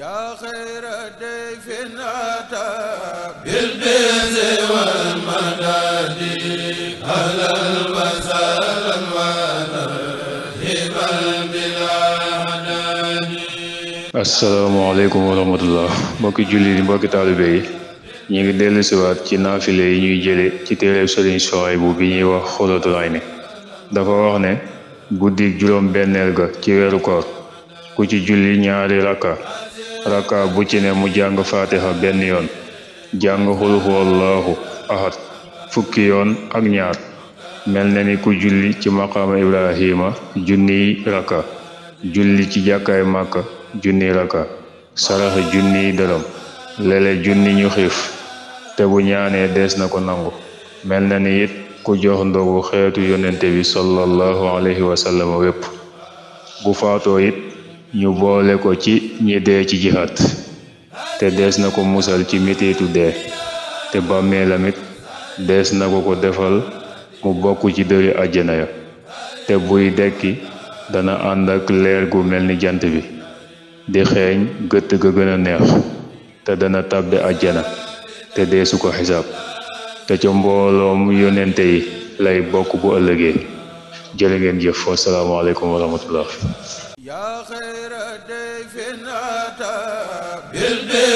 yaa xayra dayfin ataa bil bizi wal madadi wa sahlan wa julli yi mbokki taalibe yi ñu ngi dellu siwaat ci naafile yi ñuy jële ci téereb Sëriñ Suwaybu bi ñuy wax Xuratul Ayni dafa wax ne guddi juróom benneel ga ci weeru koor ku ci julli ñaari rakka raka bu ci ne mu jàng fatiha benn yoon jàng xul huwallaahu fukki yoon ak ñaar mel na ni ku julli ci maqaama ibrahima junniy raka julli ci jàkkaay màkka junniy raka saraxa junniy dërëm lele junni ñu xiif te bu ñaanee des na ko nangu mel na ni it ku jox ndogu xeetu yonente bi sallallahu alayhi wa wépp bu faatoo it ñu boole ko ci ñi dee ci jihaat te dees na ko musal ci mitiitu dee te bàmmeelam it dees na ko ko defal mu bokk ci dëri àjjana ya te buy dekki dana ànd ak leer gu mel ni jant bi di xeeñ gëtt ga gën neex te dana tàbbi àjjana te deesu ko xisaab te ca mbooloom yonente yi lay bokk bu ëllëgee jërë ngeen jëf wasalaamaaleykum wa rahmatullah yaa xayra day finata bil